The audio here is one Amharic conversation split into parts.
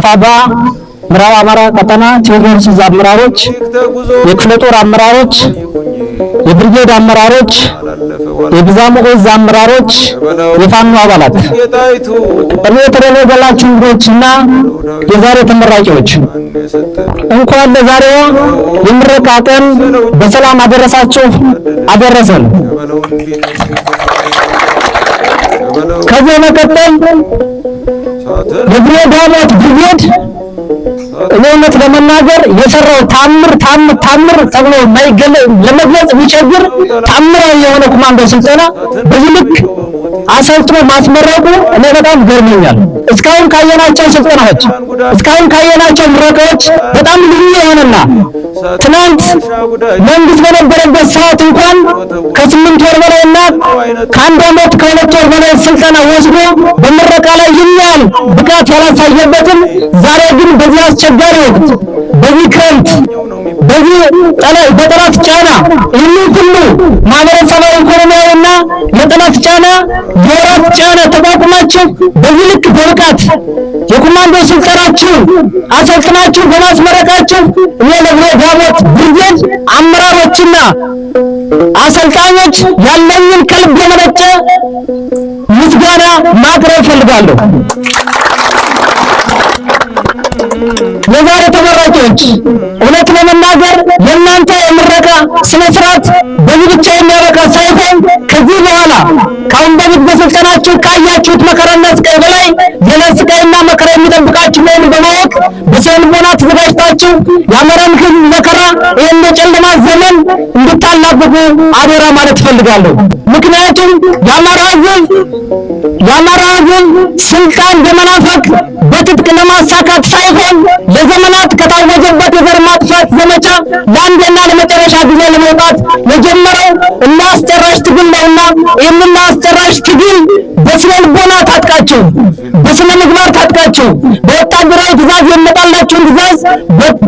አፋባ ምዕራብ አማራ ቀጠና ቴዎድሮስ ዕዝ አመራሮች፣ የክፍለ ጦር አመራሮች፣ የብርጌድ አመራሮች፣ የብዛሙ ዕዝ አመራሮች፣ የፋኖ አባላት፣ እኔ የተደረገላችሁ እንግዶችና የዛሬ ተመራቂዎች እንኳን ለዛሬዋ የምረቃ ቀን በሰላም አደረሳችሁ አደረሰን። ከዚህ መቀጠል ድግሬ ዳሞት ብርጌድ እኔ እውነት ለመናገር የሰራው ታምር ታምር ታምር ተብሎ ለመግለጽ የሚቸግር ታምራዊ የሆነ ኮማንዶ ስልጠና በዚህ ልክ አሰልጥኖ ማስመረቁ እኔ በጣም ገርሞኛል። እስካሁን ካየናቸው ስልጠናዎች፣ እስካሁን ካየናቸው ምረቃዎች በጣም ልዩ የሆነና ትናንት መንግስት በነበረበት ሰዓት እንኳን ከስምንት ወር በላይና ከአንድ አመት ከሁለት ወር በላይ ስልጠና ወስዶ በምረቃ ላይ ይኛል ብቃት ያላሳየበትም ዛሬ ግን በዚህ አስቸጋሪ ወቅት በዚህ ክረምት በዚህ በጠላት ጫና ይህንን ሁሉ ማህበረሰባዊ ኢኮኖሚ የጠላት ጫና፣ የወራት ጫና ተቋቁማችሁ በዚህ ልክ በብቃት የኮማንዶ ስልጠናችሁን አሰልጥናችሁ በማስመረቃችሁ እኔ ለብሬ ዳሞት ብርጌድ አመራሮችና አሰልጣኞች ያለኝን ከልብ የመነጨ ምስጋና ማቅረብ እፈልጋለሁ። ለዛሬ ተመራቂዎች እውነት ለመናገር የእናንተ የምረቃ ስነ ስርዓት በዚህ ብቻ የሚያበቃ ሳይሆን ከዚህ በኋላ ከአሁን በፊት በስልጠናችሁ ካያችሁት መከራና ስቃይ በላይ ሌላ ስቃይና መከራ የሚጠብቃችሁ መሆኑ በማወቅ በስነ ልቦና ተዘጋጅታችሁ የአማራን ሕዝብ መከራ ይህን የጨለማ ዘመን እንድታላብቁ አደራ ማለት እፈልጋለሁ። ምክንያቱም የአማራ ህዝብ የአማራ ስልጣን በመናፈቅ በትጥቅ ለማሳካት ሳይሆን ለዘመናት ከታወጀበት የዘር ማጥፋት ዘመቻ ለአንዴና ለመጨረሻ ጊዜ ለመውጣት የጀመረው እና አስጨራሽ ትግል ነውና ይህንን አስጨራሽ ትግል በስነ ልቦና ታጥቃቸው፣ በስነ ምግባር ታጥቃቸው ሀገራዊ ትእዛዝ የመጣላችሁን ትእዛዝ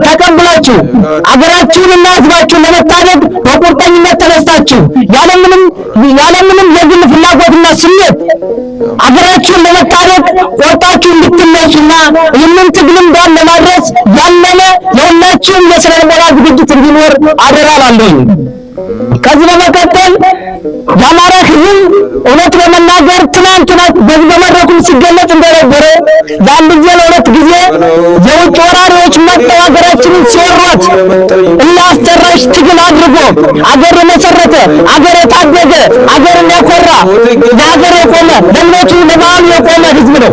ተቀብላችሁ አገራችሁንና ህዝባችሁን ለመታደግ በቁርጠኝነት ተነስታችሁ ያለምንም ያለምንም የግል ፍላጎትና ስሜት አገራችሁን ለመታደግ ቆርጣችሁ እንድትነሱና ይህንን ትግልም ዳን ለማድረስ ያለመ የሁላችሁም የስነ ልቦና ዝግጅት እንዲኖር አደራ ከዚህ በመቀጠል የአማራ ህዝብ እውነት ለመናገር ትናንትና በዚህ በመድረኩም ሲገለጽ እንደነበረ ለአንድ ጊዜ ለሁለት ጊዜ የውጭ ወራሪዎች መጥተው ሀገራችንን ሲወሯት እና አስጨራሽ ትግል አድርጎ አገር መሰረተ አገር የታደገ አገርን ያኮራ ለሀገር የቆመ ለእምነቱ ለባህሉ የቆመ ህዝብ ነው።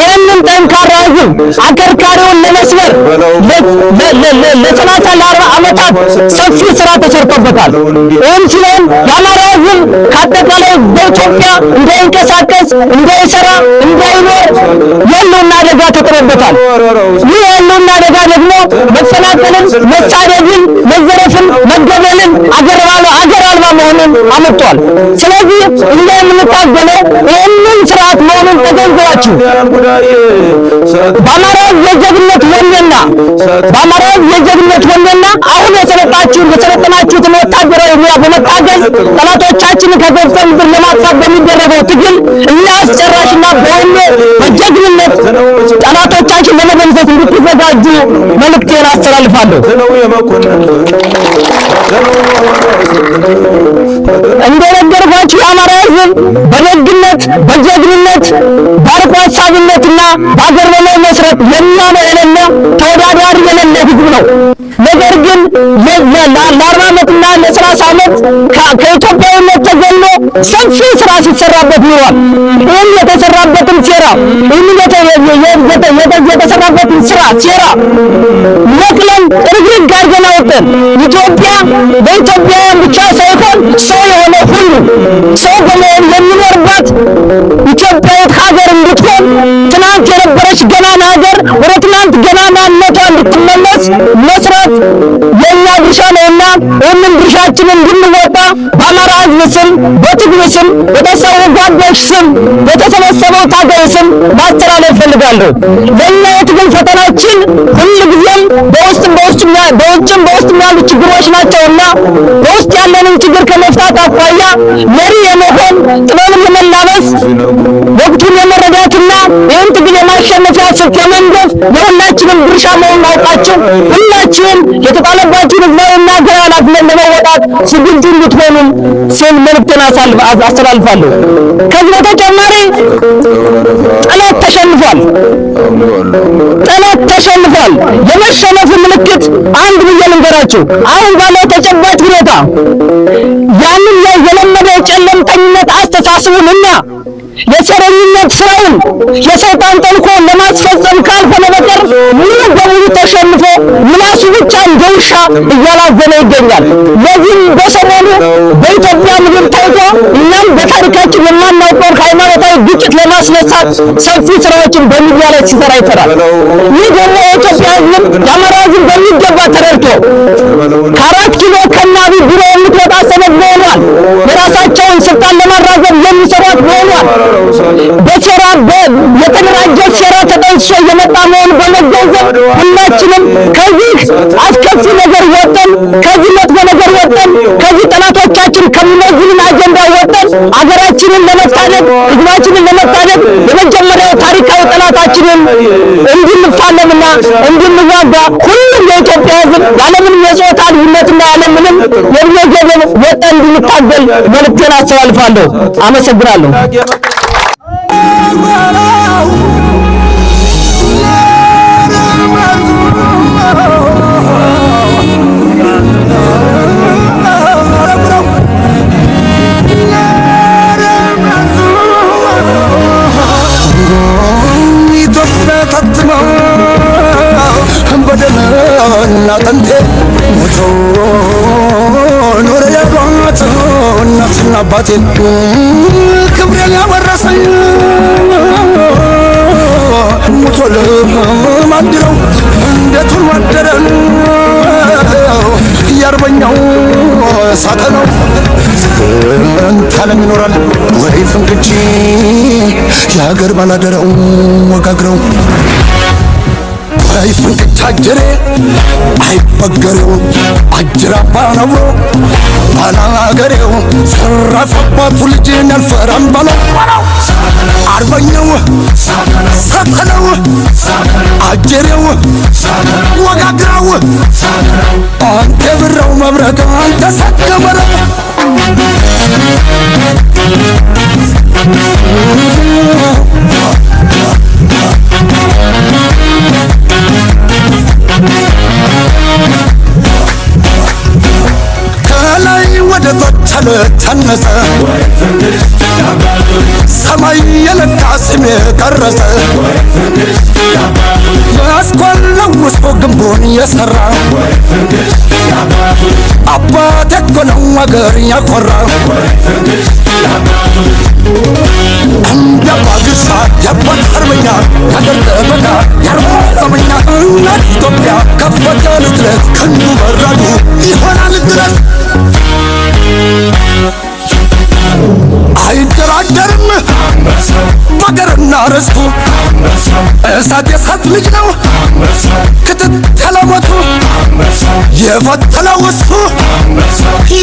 ይህንን ጠንካራ ህዝብ አከርካሪውን ለመስበር ለሰላሳ ለአርባ ዓመታት ሰፊ ስራ ተሰርቶበት ያደርጋል። ይህም ሲሆን የአማራ ሕዝብ ከአጠቃላይ በኢትዮጵያ እንዳይንቀሳቀስ፣ እንዳይሰራ፣ እንዳይኖር ያለውን አደጋ ተጥሮበታል። ይህ ያለውን አደጋ ደግሞ መፈናቀልን፣ መሳደብን፣ መዘረፍን፣ መገበልን አገርባለ መሆኑን አመጥቷል። ስለዚህ እኛ የምንታገለው ይህንን ስርዓት መሆኑን ተገንዝባችሁ በአማራ የጀግነት ወኔና በአማራ የጀግነት ወኔና አሁን የሰለጣችሁ የሰለጠናችሁትን ወታደራዊ ሙያ በመታገል ጠላቶቻችንን ከገብተን ብር ለማጥፋት በሚደረገው ትግል እኛ አስጨራሽና በወኔ በጀግንነት ጠላቶቻችን ለመደምሰስ እንድት እንዲዘጋጁ መልእክቴን አስተላልፋለሁ። እንደነገርኳችሁ የአማራ ሕዝብ በደግነት በጀግንነት በአርቆ ሀሳብነትና በአገር በላይ መስረት የሚያምን የሌለ ተወዳዳሪ የሌለ ሕዝብ ነው። ነገር ግን ለአርባ ዓመትና ለሰላሳ ዓመት ከኢትዮጵያዊነት ሰፊ ስራ ሲሰራበት ኑሯል። ይህን የተሰራበትን ሴራ ይህን የተሰራበትን ስራ ሴራ ነቅለን ርግርግ አድርገን አውጥተን ኢትዮጵያ በኢትዮጵያውያን ብቻ ሳይሆን ሰው የሆነ ሁሉ ሰው በመሆን የሚኖርባት ኢትዮጵያዊት ሀገር እንድትሆን ትናንት የነበረች ገናና ሀገር ወደ ትናንት ገናናነቷ እንድትመለስ መስራት የእኛ ድርሻ ነውና ይህንን ድርሻችንን እንድንወጣ በአማራ ሕዝብ ስም በትግሉ ስም በተሰዉ ጓዶች ስም በተሰበሰበው ታጋይ ስም ማስተላለፍ እፈልጋለሁ። ለእኛ የትግል ፈተናችን ሁልጊዜም በውስጥም በውስጥም በውጭም በውስጥም ያሉ ችግሮች ናቸውና በውስጥ ያለንን ችግር ከመፍታት አኳያ መሪ የመሆን ጥበብን የመላበስ ወቅቱን የመረዳትን የጥንት ጊዜ ማሸነፊያ ስትመንደፍ የሁላችንም ድርሻ መሆኑን አውቃችሁ ሁላችሁም የተጣለባችሁን ህዝባዊና ሀገራዊ ኃላፊነት ለመወጣት ዝግጁ እንድትሆኑ ስል መልእክቴን አስተላልፋለሁ። ከዚህ በተጨማሪ ጠላት ተሸንፏል። ጠላት ተሸንፏል። የመሸነፉ ምልክት አንድ ብዬ ልንገራችሁ። አሁን ባለው ተጨባጭ ሁኔታ ያንን የለመደ የጨለምተኝነት አስተሳስቡን እና የቸረኝነት ስራውን የሰይጣን ተልእኮውን ለማስፈጸም ካልሆነ በቀር ሙሉ በሙሉ ተሸንፎ ምላሱ ብቻ እንደ ውሻ እያላዘነ ይገኛል። ለዚህም በሰሞኑ በኢትዮጵያ ምድር ታይቶ እናም በታሪካችን የማናውቀውን ሃይማኖታዊ ግጭት ለማስነሳት ሰፊ ስራዎችን በሚዲያ ላይ ሲሰራ ይሰራል። ይህ ደግሞ የኢትዮጵያ ሕዝብ የአማራ ህዝብ በሚገባ ተረድቶ ከአራት ኪሎ ከናቢ ቢሮ የምትወጣ ሰበብ ሆኗል። የራሳቸውን ስልጣን ለማራዘም የሚሰሯት ተጠንቷል። በሴራ የተደራጀ ሴራ ተጠንሶ እየመጣ መሆኑ በመገንዘብ ሁላችንም ከዚህ አስከፊ ነገር ወጠን፣ ከዚህ መጥፎ ነገር ወጠን፣ ከዚህ ጠላቶቻችን ከሚመዝንን አጀንዳ ወጠን አገራችንን ለመታደግ ህዝባችንን ለመታደግ የመጀመሪያው ታሪክ ሁላችንም እንድንፋለምና እንድንዋጋ ሁሉም የኢትዮጵያ ሕዝብ ያለምንም የጾታ ልዩነትና ያለምንም የብሔር ወጣ እንድንታገል መልእክቴን አስተላልፋለሁ። አመሰግናለሁ። እና አጥንቴ ሞቶ ኖረ ያጓቱ እናትና አባቴ ክብሬን ያወረሰኝ ሞቶ ለማንድረው እንዴቱን ማደረን እያርበኛው ሳጠነው እንታለም ይኖራል ወደ ፍንቅጪ የሀገር ባላደራው ወጋግረው ላይፍን ታጀሬ አይበገሬው አጅራባ ነው ባላገሬው ዘረፈባቱ ልጄን አልፈራም በለው አርበኛው ሰተነው አጀሬው ወጋግራው አንተ ብራው መብረቅ አንተ ሰከበረው ተነሰ ሰማይ የለካ ስሜ ቀረጸ ያስኮላው ውስጡ ግንቡን የሠራ አባቴ እኮ ነው አገር ያኮራ እንዳባግሳ የአባት አርበኛ ያደርገ በጋ የአርማ ዘመኛ እናት ኢትዮጵያ ያሉት ያለችለት ክንዱ በራዱ ይሆናል ድረስ አርስቱ እሳት የሳት ልጅ ነው ክትትለ ሞቱ የፈተለው እሱ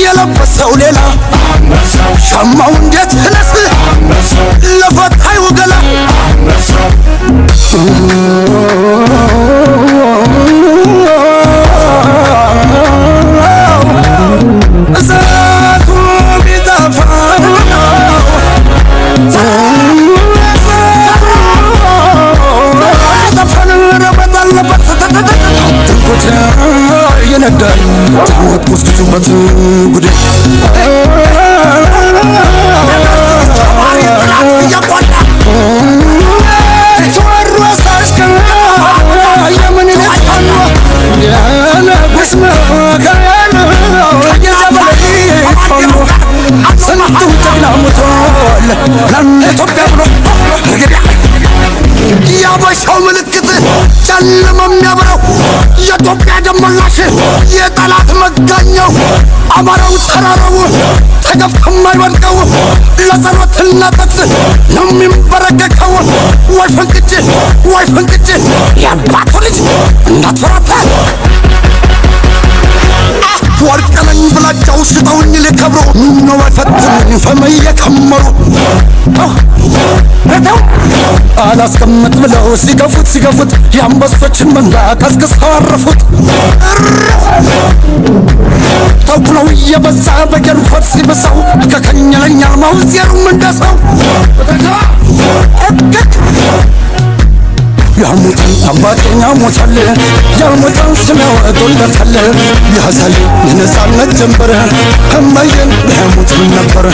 የለበሰው ሌላ ሸማው እንዴት ህለስ ለፈታይ ወገላ ሞላሽ የጠላት መጋኘው አማራው ተራራው ተገፍቶ የማይወድቀው ለጸሎትና ጥቅስ ነው የሚንበረከከው። ወይ ፈንቅጭ ወይ ፈንቅጭ የአባቱ ልጅ እንዳትፈራታ ወርቅ ነኝ ብላጫው ስጠውኝ ልከብሮ ምነው አይፈትኑኝ ፈመይ የከመሩ ተው አላስቀምጥ ብለው ሲገፉት ሲገፉት የአንበሶችን መንጋ ቀዝቅዘው አረፉት። ተኩለው እየበዛ በጀርፎት ሲብሰው ከከኝ ለኛል ማውዜሩም እንደሰው የሙታን አባቴን ያሞታል ያልሞታን ስለወዶለታል ያሳል የነፃነት ጀንበር እማዬን ለሙትን ነበር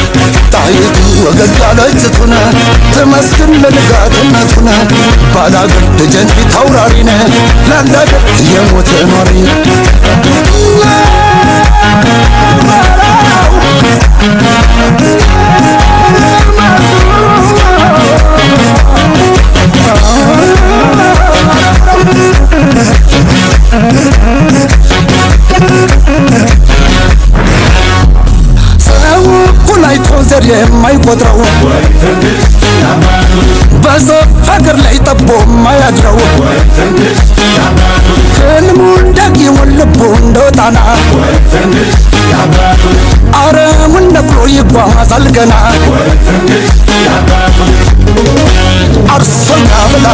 ጣይቱ ወገግ ያለች ቱነ ተመስገን ለንጋትነቱነ ባላገር ደጀንቲት አውራሪነ ላላገር የሞተ ኗሪ Oh, ሰው እኩል አይቶ የማይቆጥረው በዞ ሀገር ላይ ጠቦ የማያድረው ህልሙ እንዳጊውን ልቡ እንደወጣና አረሙን ነክሮ ይጓዛል ገና አርሶና ብላ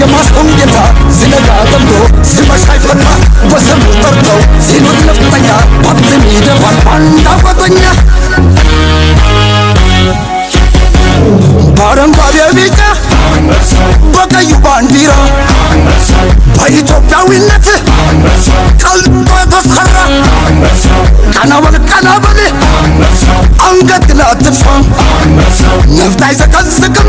የማስቆም ጌታ ሲነጋ ጠምዶ ሲመሽ አይፈታ በስሙ ጠርተው ሲሉት ነፍጠኛ ሀብትን ይደፋል አንድ አፈተኛ በአረንጓዴ ቢጫ በቀዩ ባንዲራ በኢትዮጵያዊነት ቀልጦ የተሰራ ቀናበል ቀናበል አንገት ግላ ትፋ ነፍጥ አይዘቀዝቅም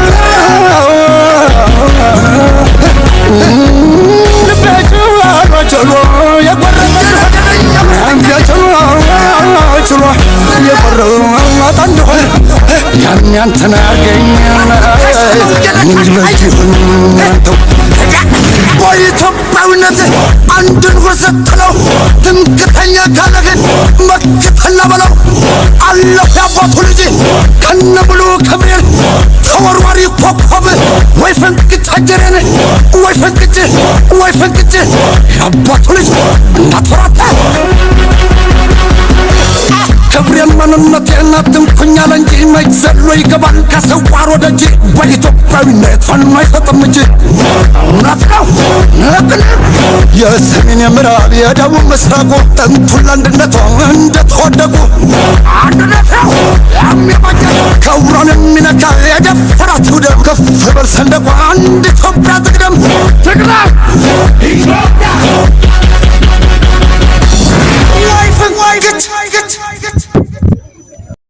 ያንተን አገኛል ምን በጅሁን አንተው በኢትዮጵያዊነት አንድን ውርሰት ትለው ትምክተኛ ካለግን መክተና በለው አለሁ ያባቱ ልጅ ከነ ሙሉ ክብሬን ተወርዋሪ ኮከብ ወይ ፈንቅጭ አጀሬን ወይ ፈንቅጭ ወይ ፈንቅጭ ያባቱ ልጅ እንዳትራታ የኔን ምንነቴን አትንኩኛል እንጂ መች ዘሎ ይገባል ከስዋር ወደ እጅ በኢትዮጵያዊነት ፋኖ አይሰጥም እንጂ እውነት ነው ግን የሰሜን የምዕራብ የደቡብ ምስራቁ ጥንቱን ለአንድነቷ እንደተወደቁ አንድነት ነው የሚበጀ ከውሮን የሚነካ የደፈራ ትውደም ከፍ በል ሰንደቋ አንድ ኢትዮጵያ ትቅደም ትቅደም ኢትዮጵያ